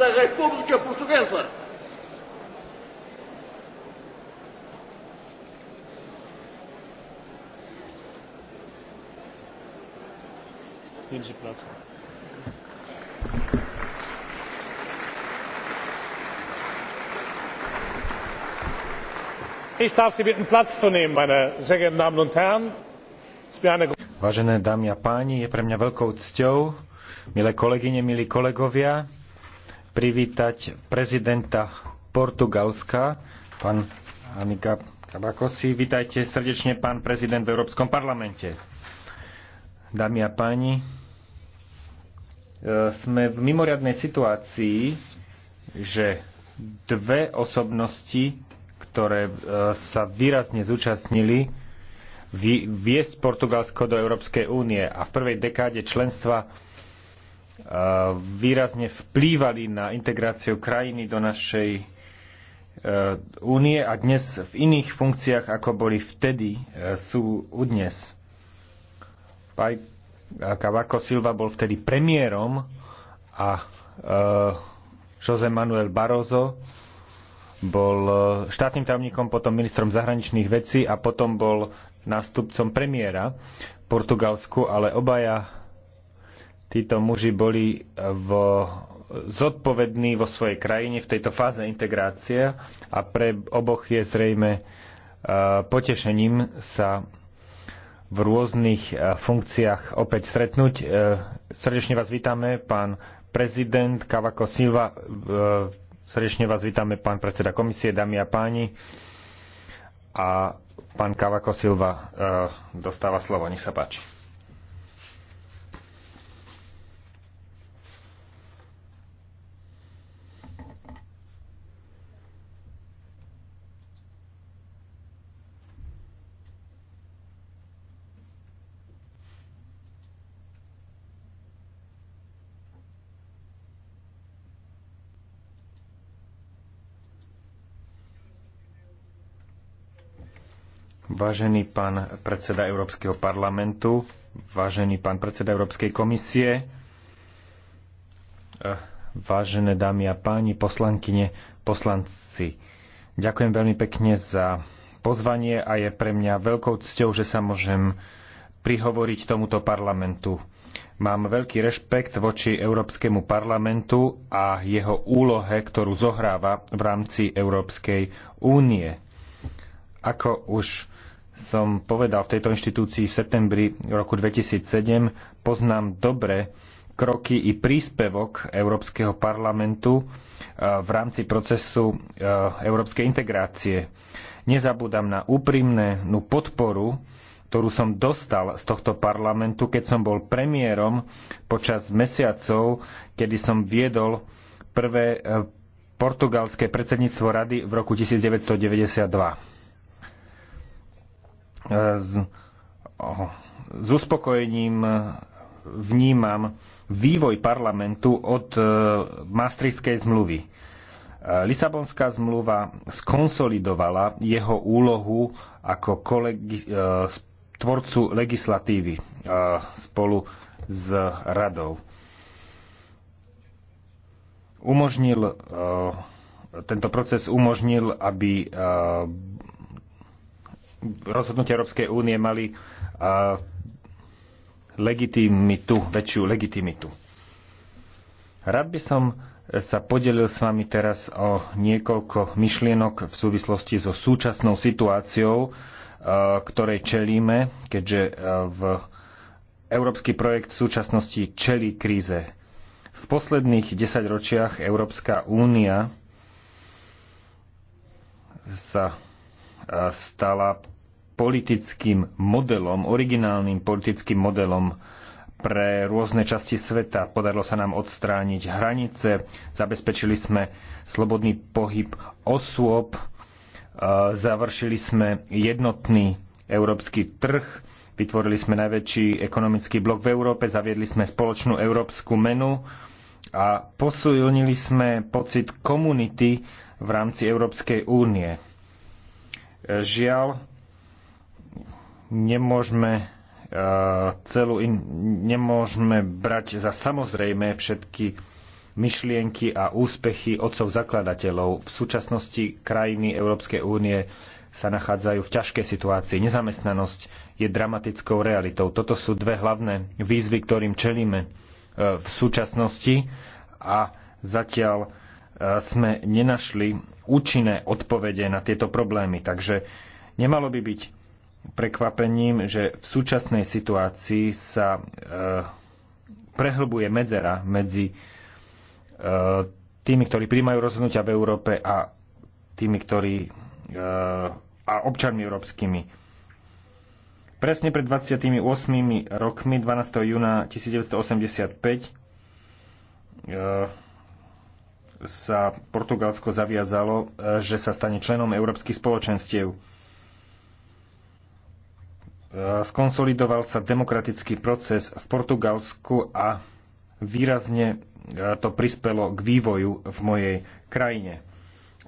da República Portuguesa. Ich darf Sie bitten, Platz zu nehmen, meine sehr geehrten Damen und Herren. Vážené dámy a páni, je pre mňa veľkou cťou, milé kolegyne, milí kolegovia, privítať prezidenta Portugalska, pán Anika Kabakosi. Vítajte srdečne, pán prezident v Európskom parlamente. Dámy a páni, e, sme v mimoriadnej situácii, že dve osobnosti, ktoré e, sa výrazne zúčastnili, viesť Portugalsko do Európskej únie a v prvej dekáde členstva E, výrazne vplývali na integráciu krajiny do našej e, únie a dnes v iných funkciách, ako boli vtedy, e, sú u dnes. Paj Cavaco Silva bol vtedy premiérom a José Manuel Barroso bol štátnym tajomníkom, potom ministrom zahraničných vecí a potom bol nástupcom premiéra v Portugalsku, ale obaja títo muži boli eh, v zodpovední vo svojej krajine v tejto fáze integrácie a pre oboch je zrejme eh, potešením sa v rôznych eh, funkciách opäť stretnúť. Srdečne vás vítame, pán prezident Kavako Silva. Srdečne vás vítame, pán predseda komisie, dámy a páni. A pán Kavako Silva dostáva slovo. Nech sa páči. Vážený pán predseda Európskeho parlamentu, vážený pán predseda Európskej komisie, eh, vážené dámy a páni, poslankyne, poslanci. Ďakujem veľmi pekne za pozvanie a je pre mňa veľkou cťou, že sa môžem prihovoriť tomuto parlamentu. Mám veľký rešpekt voči Európskemu parlamentu a jeho úlohe, ktorú zohráva v rámci Európskej únie. Ako už som povedal v tejto inštitúcii v septembri roku 2007, poznám dobre kroky i príspevok Európskeho parlamentu eh, v rámci procesu eh, európskej integrácie. Nezabúdam na úprimnú no podporu, ktorú som dostal z tohto parlamentu, keď som bol premiérom počas mesiacov, kedy som viedol prvé eh, portugalské predsedníctvo rady v roku 1992 s, oh, s uspokojením vnímam vývoj parlamentu od e, Maastrichtskej zmluvy. E, Lisabonská zmluva skonsolidovala jeho úlohu ako kolegi- e, tvorcu legislatívy spolu s radou. Umožnil, tento proces umožnil, aby rozhodnutia Európskej únie mali legitimitu, väčšiu legitimitu. Rád by som sa podelil s vami teraz o niekoľko myšlienok v súvislosti so súčasnou situáciou, ktorej čelíme, keďže v európsky projekt v súčasnosti čelí kríze. V posledných desaťročiach Európska únia sa stala politickým modelom, originálnym politickým modelom pre rôzne časti sveta. Podarilo sa nám odstrániť hranice, zabezpečili sme slobodný pohyb osôb, e, završili sme jednotný európsky trh, vytvorili sme najväčší ekonomický blok v Európe, zaviedli sme spoločnú európsku menu a posilnili sme pocit komunity v rámci Európskej únie Žiaľ, nemôžeme e, celú in, nemôžeme brať za samozrejme všetky myšlienky a úspechy otcov zakladateľov. V súčasnosti krajiny Európskej únie sa nachádzajú v ťažkej situácii. Nezamestnanosť je dramatickou realitou. Toto sú dve hlavné výzvy, ktorým čelíme e, v súčasnosti a zatiaľ sme nenašli účinné odpovede na tieto problémy. Takže nemalo by byť prekvapením, že v súčasnej situácii sa e, prehlbuje medzera medzi e, tými, ktorí príjmajú rozhodnutia v Európe a tými, ktorí e, a občanmi európskymi. Presne pred 28 rokmi, 12. júna 1985, sa Portugalsko zaviazalo, e, že sa stane členom európskych spoločenstiev. E, skonsolidoval sa demokratický proces v Portugalsku a výrazne e, to prispelo k vývoju v mojej krajine.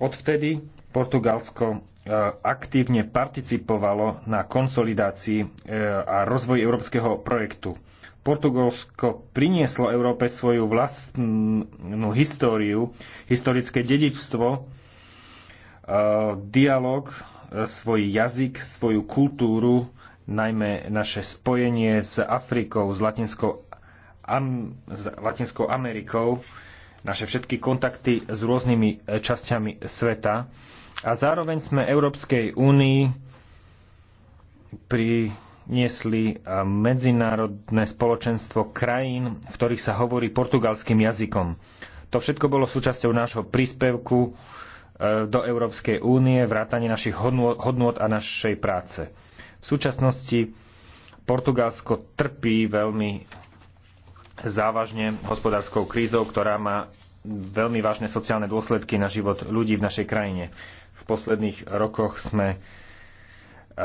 Odvtedy Portugalsko aktívne participovalo na konsolidácii a rozvoji európskeho projektu. Portugalsko prinieslo Európe svoju vlastnú históriu, historické dedičstvo, e, dialog, e, svoj jazyk, svoju kultúru, najmä naše spojenie s Afrikou, s Latinskou, Am, s Latinskou Amerikou, naše všetky kontakty s rôznymi e, časťami sveta. A zároveň sme Európskej únii pri niesli e, medzinárodné spoločenstvo krajín, v ktorých sa hovorí portugalským jazykom. To všetko bolo súčasťou nášho príspevku e, do Európskej únie, vrátanie našich hodnôt a našej práce. V súčasnosti Portugalsko trpí veľmi závažne hospodárskou krízou, ktorá má veľmi vážne sociálne dôsledky na život ľudí v našej krajine. V posledných rokoch sme Eh,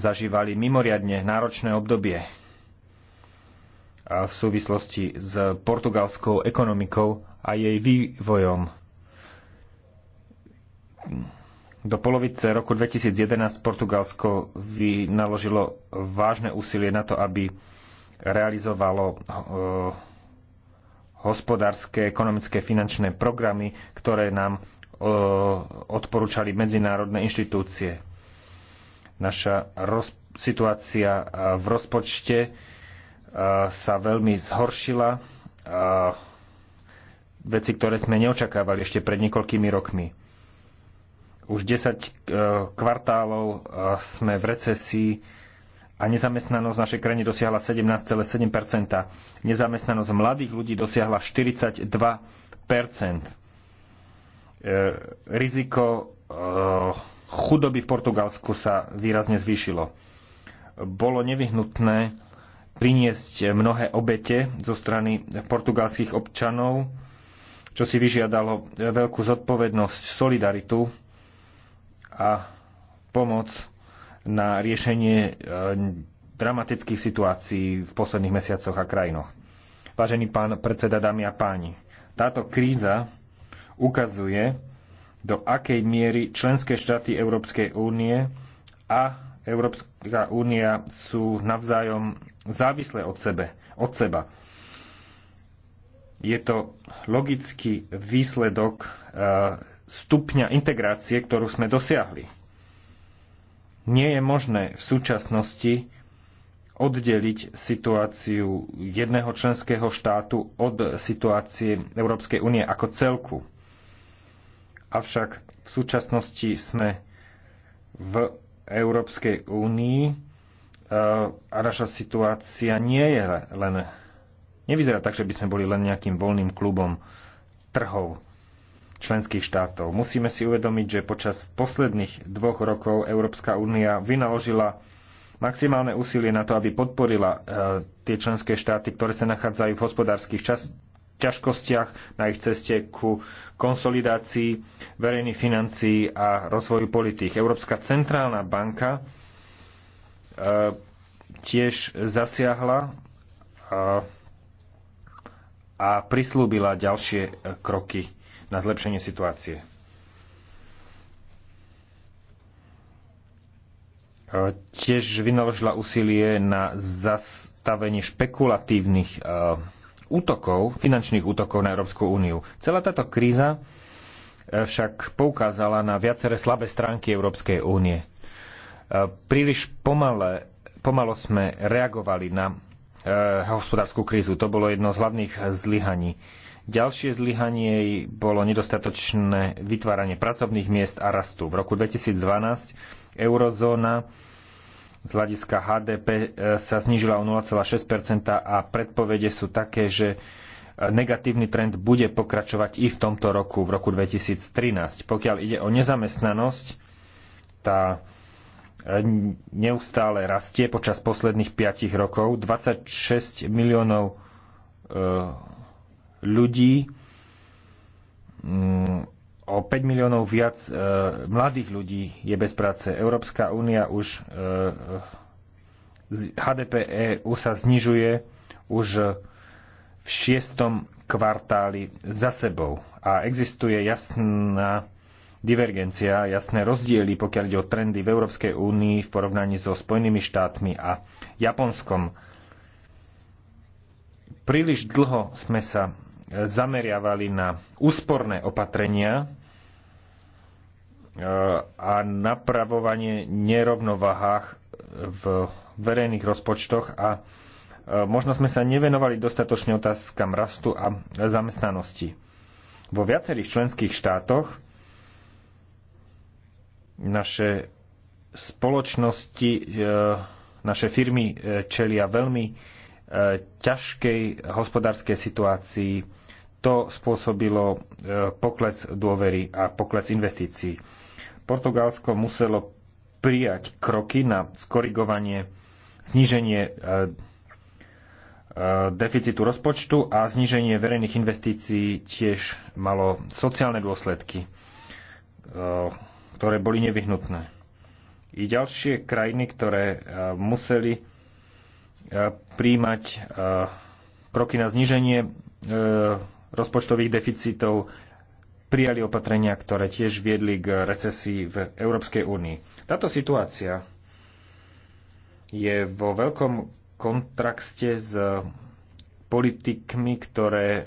zažívali mimoriadne náročné obdobie eh, v súvislosti s portugalskou ekonomikou a jej vývojom. Do polovice roku 2011 Portugalsko vynaložilo vážne úsilie na to, aby realizovalo eh, hospodárske, ekonomické, finančné programy, ktoré nám odporúčali medzinárodné inštitúcie. Naša roz, situácia v rozpočte sa veľmi zhoršila. Veci, ktoré sme neočakávali ešte pred niekoľkými rokmi. Už 10 e, kvartálov e, sme v recesii a nezamestnanosť v našej krajine dosiahla 17,7 Nezamestnanosť mladých ľudí dosiahla 42 e, Riziko chudoby v Portugalsku sa výrazne zvýšilo. Bolo nevyhnutné priniesť mnohé obete zo strany portugalských občanov, čo si vyžiadalo veľkú zodpovednosť, solidaritu a pomoc na riešenie e, dramatických situácií v posledných mesiacoch a krajinoch. Vážený pán predseda, dámy a páni, táto kríza ukazuje, do akej miery členské štáty Európskej únie a Európska únia sú navzájom závislé od, sebe, od seba. Je to logický výsledok e, stupňa integrácie, ktorú sme dosiahli. Nie je možné v súčasnosti oddeliť situáciu jedného členského štátu od situácie Európskej únie ako celku. Avšak v súčasnosti sme v Európskej únii e, a naša situácia nie je len... Nevyzerá tak, že by sme boli len nejakým voľným klubom trhov členských štátov. Musíme si uvedomiť, že počas posledných dvoch rokov Európska únia vynaložila maximálne úsilie na to, aby podporila e, tie členské štáty, ktoré sa nachádzajú v hospodárskych čas- ťažkostiach na ich ceste ku konsolidácii verejných financií a rozvoju politík. Európska centrálna banka e, tiež zasiahla e, a prislúbila ďalšie e, kroky na zlepšenie situácie. Tiež vynaložila úsilie na zastavenie špekulatívnych útokov, finančných útokov na Európsku úniu. Celá táto kríza e, však poukázala na viaceré slabé stránky Európskej únie. E, príliš pomale, pomalo sme reagovali na e, hospodárskú krízu. To bolo jedno z hlavných zlyhaní. Ďalšie zlyhanie bolo nedostatočné vytváranie pracovných miest a rastu. V roku 2012 eurozóna z hľadiska HDP e, sa znížila o 0,6 a predpovede sú také, že e, negatívny trend bude pokračovať i v tomto roku, v roku 2013. Pokiaľ ide o nezamestnanosť, tá e, neustále rastie počas posledných 5 rokov. 26 miliónov ľudí mm, o 5 miliónov viac e, mladých ľudí je bez práce. Európska únia už e, HDP EU sa znižuje už v šiestom kvartáli za sebou a existuje jasná divergencia, jasné rozdiely, pokiaľ ide o trendy v Európskej únii v porovnaní so Spojenými štátmi a Japonskom. Príliš dlho sme sa e, zameriavali na úsporné opatrenia Eh, a napravovanie nerovnováhách eh, v verejných rozpočtoch a eh, možno sme sa nevenovali dostatočne otázkam rastu a zamestnanosti. Vo viacerých členských štátoch naše spoločnosti, naše firmy čelia veľmi ťažkej hospodárskej situácii. To spôsobilo pokles dôvery a pokles investícií Portugalsko muselo prijať kroky na skorigovanie, zníženie e, e, deficitu rozpočtu a zníženie verejných investícií tiež malo sociálne dôsledky, e, ktoré boli nevyhnutné. I ďalšie krajiny, ktoré museli príjmať kroky na zníženie rozpočtových deficitov, prijali opatrenia, ktoré tiež viedli k recesii v Európskej únii. Táto situácia je vo veľkom kontrakste s politikmi, ktoré e,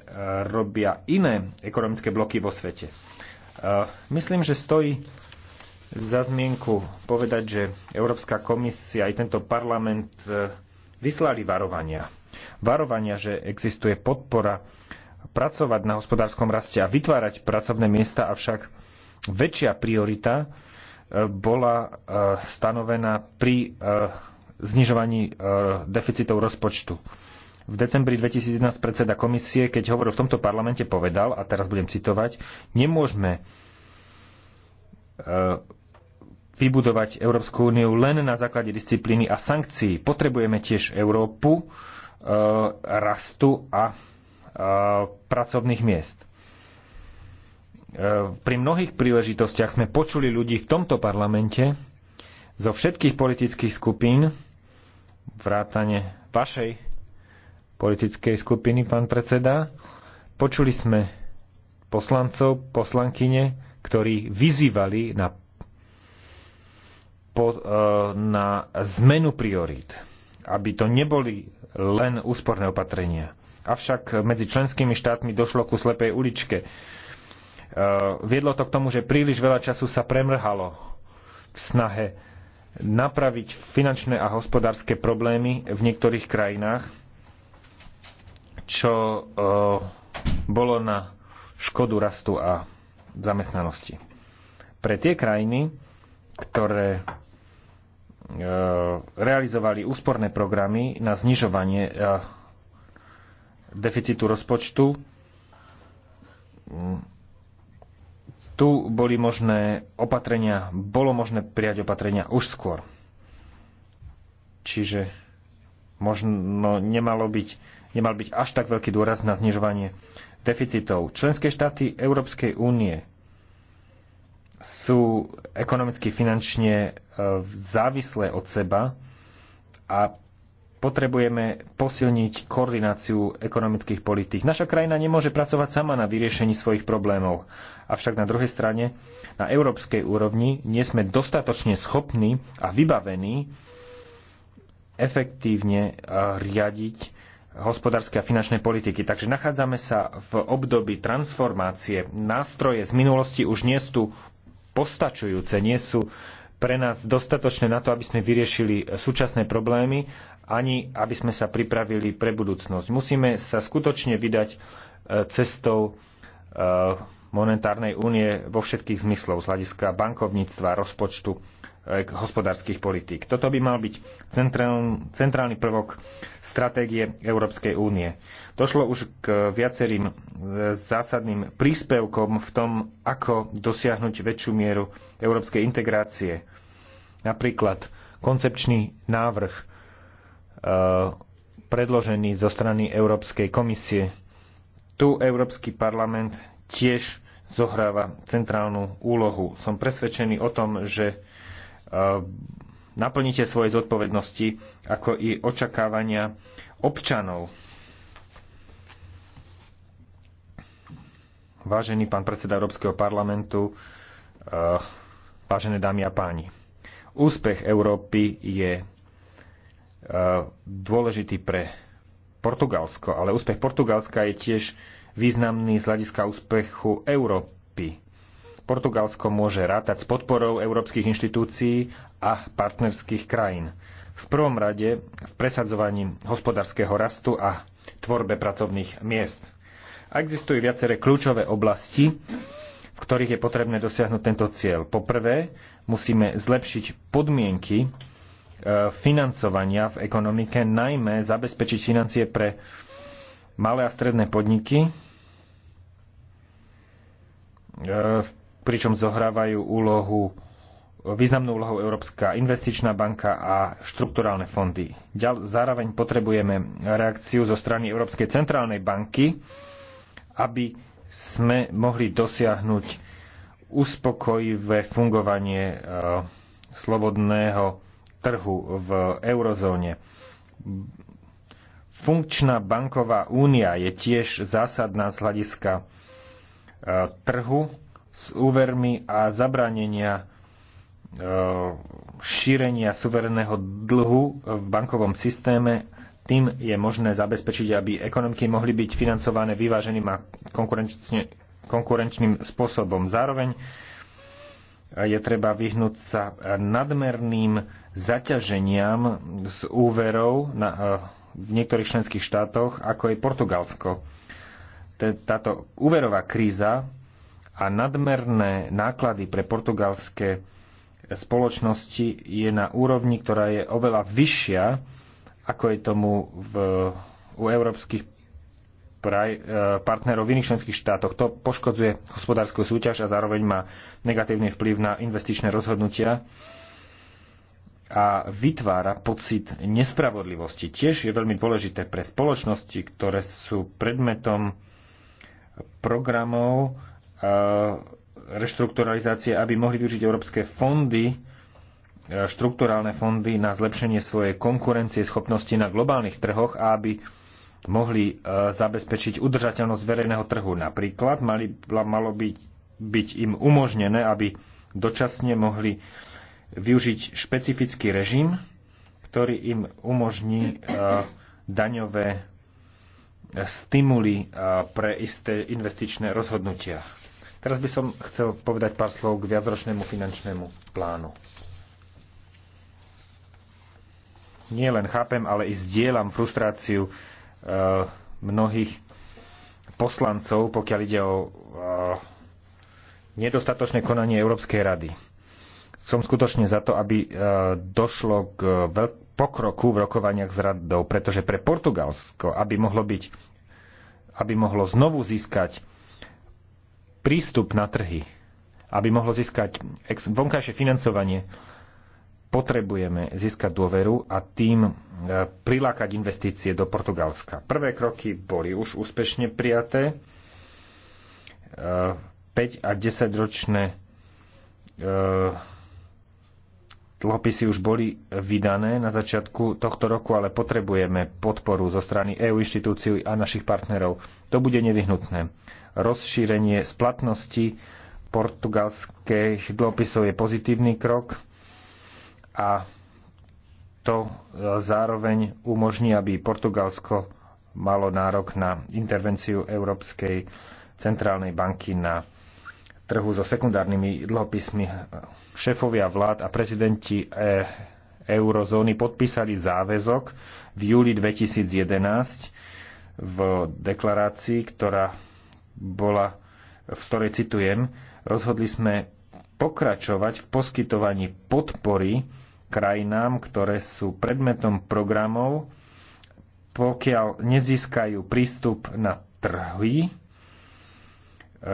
robia iné ekonomické bloky vo svete. E, myslím, že stojí za zmienku povedať, že Európska komisia aj tento parlament e, vyslali varovania. Varovania, že existuje podpora pracovať na hospodárskom raste a vytvárať pracovné miesta, avšak väčšia priorita e, bola e, stanovená pri e, znižovaní deficitov rozpočtu. V decembri 2011 predseda komisie, keď hovoril v tomto parlamente, povedal, a teraz budem citovať, nemôžeme vybudovať Európsku úniu len na základe disciplíny a sankcií. Potrebujeme tiež Európu rastu a pracovných miest. E, pri mnohých príležitostiach sme počuli ľudí v tomto parlamente zo všetkých politických skupín, vrátane vašej politickej skupiny, pán predseda, počuli sme poslancov, poslankyne, ktorí vyzývali na, po, e, na zmenu priorít, aby to neboli len úsporné opatrenia avšak medzi členskými štátmi došlo ku slepej uličke. E, viedlo to k tomu, že príliš veľa času sa premrhalo v snahe napraviť finančné a hospodárske problémy v niektorých krajinách, čo e, bolo na škodu rastu a zamestnanosti. Pre tie krajiny, ktoré e, realizovali úsporné programy na znižovanie deficitu rozpočtu. Tu boli možné opatrenia, bolo možné prijať opatrenia už skôr. Čiže možno nemalo byť, nemal byť až tak veľký dôraz na znižovanie deficitov. Členské štáty Európskej únie sú ekonomicky finančne e, závislé od seba a potrebujeme posilniť koordináciu ekonomických politík. Naša krajina nemôže pracovať sama na vyriešení svojich problémov. Avšak na druhej strane, na európskej úrovni nie sme dostatočne schopní a vybavení efektívne eh, riadiť hospodárske a finančné politiky. Takže nachádzame sa v období transformácie. Nástroje z minulosti už nie sú postačujúce, nie sú pre nás dostatočné na to, aby sme vyriešili súčasné problémy ani aby sme sa pripravili pre budúcnosť. Musíme sa skutočne vydať e, cestou e, monetárnej únie vo všetkých zmyslov z hľadiska bankovníctva, rozpočtu, e, hospodárskych politík. Toto by mal byť centrálny prvok stratégie Európskej únie. Došlo už k viacerým zásadným príspevkom v tom, ako dosiahnuť väčšiu mieru európskej integrácie. Napríklad koncepčný návrh Eh, predložený zo strany Európskej komisie. Tu Európsky parlament tiež zohráva centrálnu úlohu. Som presvedčený o tom, že eh, naplníte svoje zodpovednosti, ako i očakávania občanov. Vážený pán predseda Európskeho parlamentu, eh, vážené dámy a páni, úspech Európy je dôležitý pre Portugalsko, ale úspech Portugalska je tiež významný z hľadiska úspechu Európy. Portugalsko môže rátať s podporou európskych inštitúcií a partnerských krajín. V prvom rade v presadzovaní hospodárskeho rastu a tvorbe pracovných miest. A existujú viaceré kľúčové oblasti, v ktorých je potrebné dosiahnuť tento cieľ. Po prvé, musíme zlepšiť podmienky Eh, financovania v ekonomike, najmä zabezpečiť financie pre malé a stredné podniky, eh, pričom zohrávajú úlohu, významnú úlohu Európska investičná banka a štrukturálne fondy. Zároveň potrebujeme reakciu zo strany Európskej centrálnej banky, aby sme mohli dosiahnuť uspokojivé fungovanie eh, slobodného trhu v eurozóne. Funkčná banková únia je tiež zásadná z hľadiska e, trhu s úvermi a zabranenia e, šírenia suvereného dlhu v bankovom systéme. Tým je možné zabezpečiť, aby ekonomiky mohli byť financované vyváženým a konkurenčným spôsobom. Zároveň je treba vyhnúť sa nadmerným zaťaženiam z úverov na, e, v niektorých členských štátoch, ako je Portugalsko. Táto úverová kríza a nadmerné náklady pre portugalské spoločnosti je na úrovni, ktorá je oveľa vyššia, ako je tomu v, u európskych praj, e, partnerov v iných členských štátoch. To poškodzuje hospodárskú súťaž a zároveň má negatívny vplyv na investičné rozhodnutia a vytvára pocit nespravodlivosti. Tiež je veľmi dôležité pre spoločnosti, ktoré sú predmetom programov e, reštrukturalizácie, aby mohli využiť európske fondy, e, štrukturálne fondy na zlepšenie svojej konkurencie schopnosti na globálnych trhoch a aby mohli e, zabezpečiť udržateľnosť verejného trhu. Napríklad mali, malo byť, byť im umožnené, aby dočasne mohli uh, využiť špecifický režim, ktorý im umožní e, daňové e, stimuly e, pre isté investičné rozhodnutia. Teraz by som chcel povedať pár slov k viacročnému finančnému plánu. Nie len chápem, ale i zdieľam frustráciu mnohých poslancov, pokiaľ ide o nedostatočné konanie Európskej rady som skutočne za to, aby e, došlo k e, pokroku v rokovaniach s radou, pretože pre Portugalsko, aby mohlo byť, aby mohlo znovu získať prístup na trhy, aby mohlo získať vonkajšie financovanie, potrebujeme získať dôveru a tým e, prilákať investície do Portugalska. Prvé kroky boli už úspešne prijaté. 5 a 10 ročné Dlhopisy už boli vydané na začiatku tohto roku, ale potrebujeme podporu zo strany EU inštitúcií a našich partnerov. To bude nevyhnutné. Rozšírenie splatnosti portugalských dlhopisov je pozitívny krok a to zároveň umožní, aby Portugalsko malo nárok na intervenciu Európskej centrálnej banky na trhu so sekundárnymi dlhopismi. Šéfovia vlád a prezidenti e, eurozóny podpísali záväzok v júli 2011 v deklarácii, ktorá bola, v ktorej citujem, rozhodli sme pokračovať v poskytovaní podpory krajinám, ktoré sú predmetom programov, pokiaľ nezískajú prístup na trhy, e,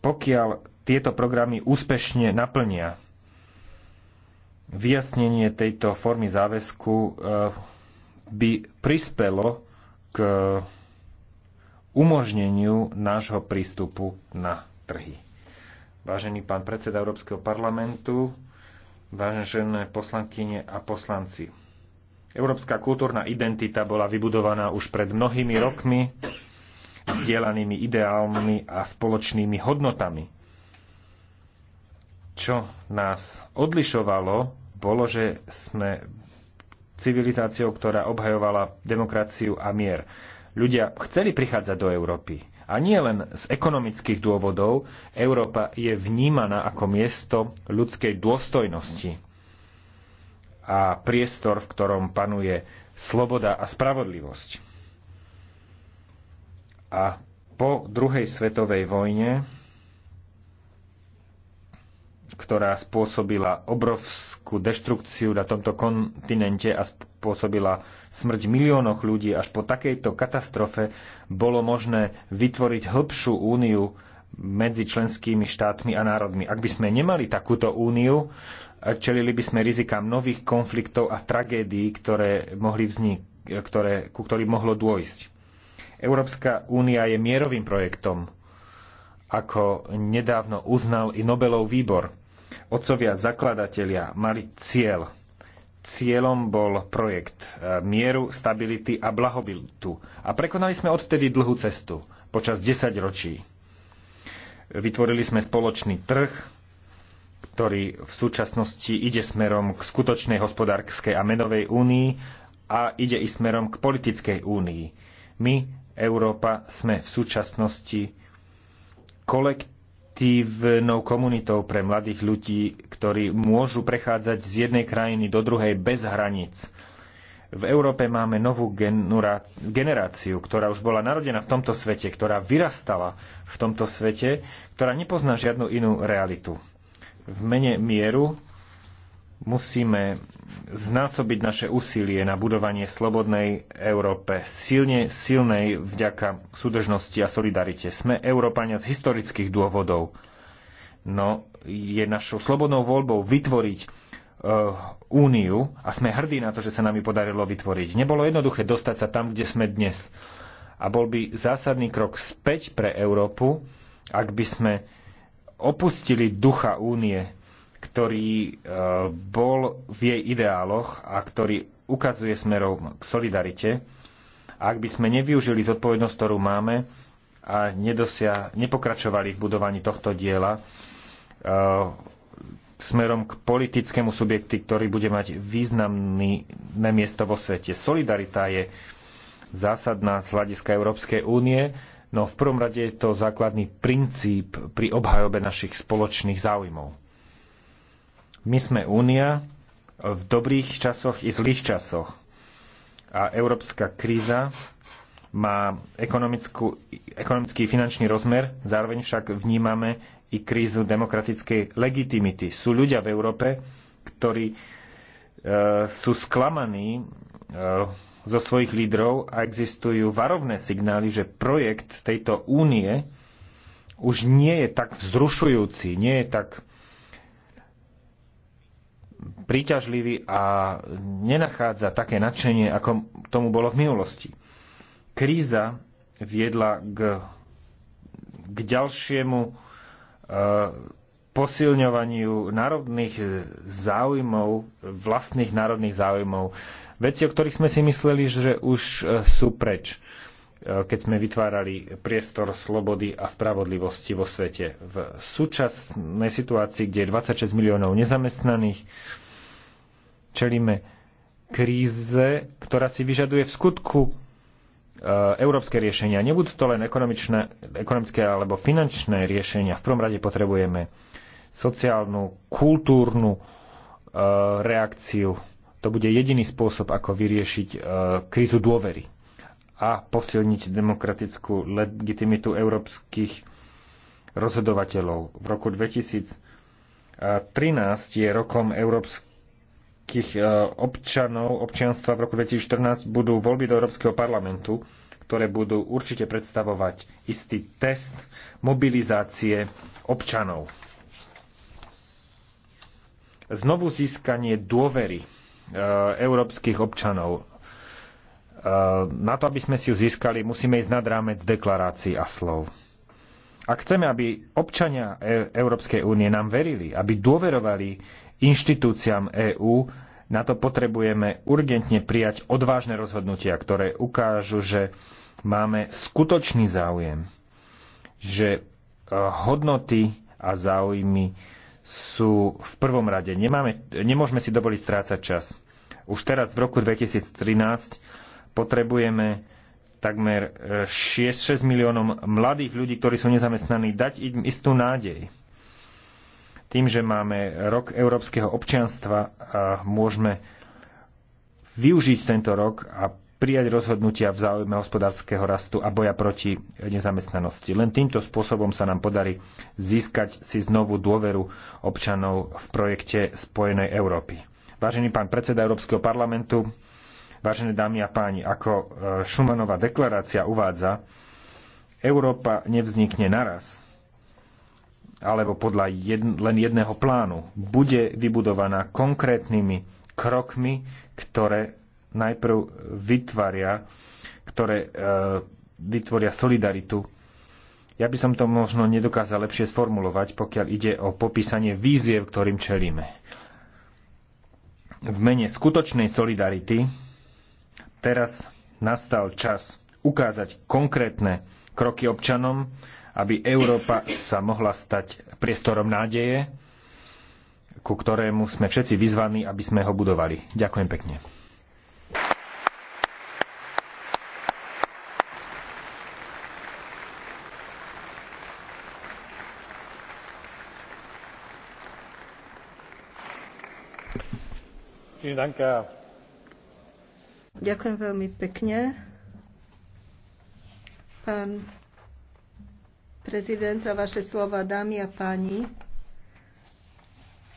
pokiaľ tieto programy úspešne naplnia. Vyjasnenie tejto formy záväzku eh, by prispelo k umožneniu nášho prístupu na trhy. Vážený pán predseda Európskeho parlamentu, vážené poslankyne a poslanci. Európska kultúrna identita bola vybudovaná už pred mnohými rokmi sdielanými ideálmi a spoločnými hodnotami. Čo nás odlišovalo, bolo, že sme civilizáciou, ktorá obhajovala demokraciu a mier. Ľudia chceli prichádzať do Európy. A nie len z ekonomických dôvodov, Európa je vnímaná ako miesto ľudskej dôstojnosti a priestor, v ktorom panuje sloboda a spravodlivosť. A po druhej svetovej vojne, ktorá spôsobila obrovskú deštrukciu na tomto kontinente a spôsobila smrť miliónoch ľudí, až po takejto katastrofe bolo možné vytvoriť hĺbšiu úniu medzi členskými štátmi a národmi. Ak by sme nemali takúto úniu, čelili by sme rizikám nových konfliktov a tragédií, ktoré, mohli vznik, ktoré, ku ktorým mohlo dôjsť. Európska únia je mierovým projektom, ako nedávno uznal i Nobelov výbor. Otcovia zakladatelia mali cieľ. Cieľom bol projekt e, mieru, stability a blahobytu. A prekonali sme odvtedy dlhú cestu, počas 10 ročí. Vytvorili sme spoločný trh, ktorý v súčasnosti ide smerom k skutočnej hospodárskej a menovej únii a ide i smerom k politickej únii. My Európa sme v súčasnosti kolektívnou komunitou pre mladých ľudí, ktorí môžu prechádzať z jednej krajiny do druhej bez hraníc. V Európe máme novú generáciu, ktorá už bola narodená v tomto svete, ktorá vyrastala v tomto svete, ktorá nepozná žiadnu inú realitu. V mene mieru musíme znásobiť naše úsilie na budovanie slobodnej Európe, silne, silnej vďaka súdržnosti a solidarite. Sme Európania z historických dôvodov. No, je našou slobodnou voľbou vytvoriť eh, úniu a sme hrdí na to, že sa nám ju podarilo vytvoriť. Nebolo jednoduché dostať sa tam, kde sme dnes. A bol by zásadný krok späť pre Európu, ak by sme opustili ducha únie, ktorý e, bol v jej ideáloch a ktorý ukazuje smerom k solidarite. Ak by sme nevyužili zodpovednosť, ktorú máme a nedosia, nepokračovali v budovaní tohto diela e, smerom k politickému subjekty, ktorý bude mať významné miesto vo svete. Solidarita je zásadná z hľadiska Európskej únie, no v prvom rade je to základný princíp pri obhajobe našich spoločných záujmov. My sme únia v dobrých časoch i zlých časoch. A európska kríza má ekonomický finančný rozmer, zároveň však vnímame i krízu demokratickej legitimity. Sú ľudia v Európe, ktorí e, sú sklamaní e, zo svojich lídrov a existujú varovné signály, že projekt tejto únie už nie je tak vzrušujúci, nie je tak príťažlivý a nenachádza také nadšenie, ako tomu bolo v minulosti. Kríza viedla k, k ďalšiemu e, posilňovaniu národných záujmov, vlastných národných záujmov. Veci, o ktorých sme si mysleli, že už e, sú preč. E, Eh, keď sme vytvárali priestor slobody a spravodlivosti vo svete. V súčasnej situácii, kde je 26 miliónov nezamestnaných, čelíme kríze, ktorá si vyžaduje v skutku eh, európske riešenia. Nebudú to len ekonomické alebo finančné riešenia. V prvom rade potrebujeme sociálnu, kultúrnu eh, reakciu. To bude jediný spôsob, ako vyriešiť krízu dôvery a posilniť demokratickú legitimitu európskych rozhodovateľov. V roku 2013 je rokom európskych e, občanov, občianstva v roku 2014 budú voľby do Európskeho parlamentu, ktoré budú určite predstavovať istý test mobilizácie občanov. Znovu získanie dôvery e, európskych občanov Ehm, na to, aby sme si ju získali, musíme ísť nad rámec deklarácií a slov. Ak chceme, aby občania e- Európskej únie nám verili, aby dôverovali inštitúciám EÚ, na to potrebujeme urgentne prijať odvážne rozhodnutia, ktoré ukážu, že máme skutočný záujem, že e, hodnoty a záujmy sú v prvom rade. Nemáme, nemôžeme si dovoliť strácať čas. Už teraz v roku 2013 Potrebujeme takmer 6, e, 6 miliónom mladých ľudí, ktorí sú nezamestnaní, dať im istú nádej. Tým, že máme rok európskeho občianstva, môžeme využiť tento rok a prijať rozhodnutia v záujme hospodárskeho rastu a boja proti nezamestnanosti. Len týmto spôsobom sa nám podarí získať si znovu dôveru občanov v projekte Spojenej Európy. Vážený pán predseda Európskeho parlamentu, Vážené dámy a páni, ako e, Šumanová deklarácia uvádza, Európa nevznikne naraz, alebo podľa jedn, len jedného plánu. Bude vybudovaná konkrétnymi krokmi, ktoré najprv vytvaria, ktoré e, vytvoria solidaritu. Ja by som to možno nedokázal lepšie sformulovať, pokiaľ ide o popísanie víziev, ktorým čelíme. V mene skutočnej solidarity Teraz nastal čas ukázať konkrétne kroky občanom, aby Európa sa mohla stať priestorom nádeje, ku ktorému sme všetci vyzvaní, aby sme ho budovali. Ďakujem pekne. Vielen Dank, Herr Ďakujem veľmi pekne. Pán prezident, za vaše slova, dámy a páni.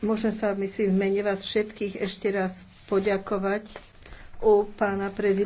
Môžem sa, myslím, v mene vás všetkých ešte raz poďakovať u pána prezidenta.